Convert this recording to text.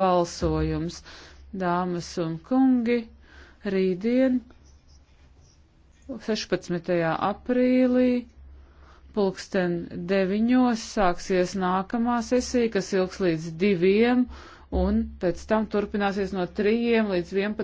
balsojums. Dāmas un kungi, rītdien 16. aprīlī pulksten 9. sāksies nākamā sesija, kas ilgs līdz 2. un pēc tam turpināsies no 3. līdz 11.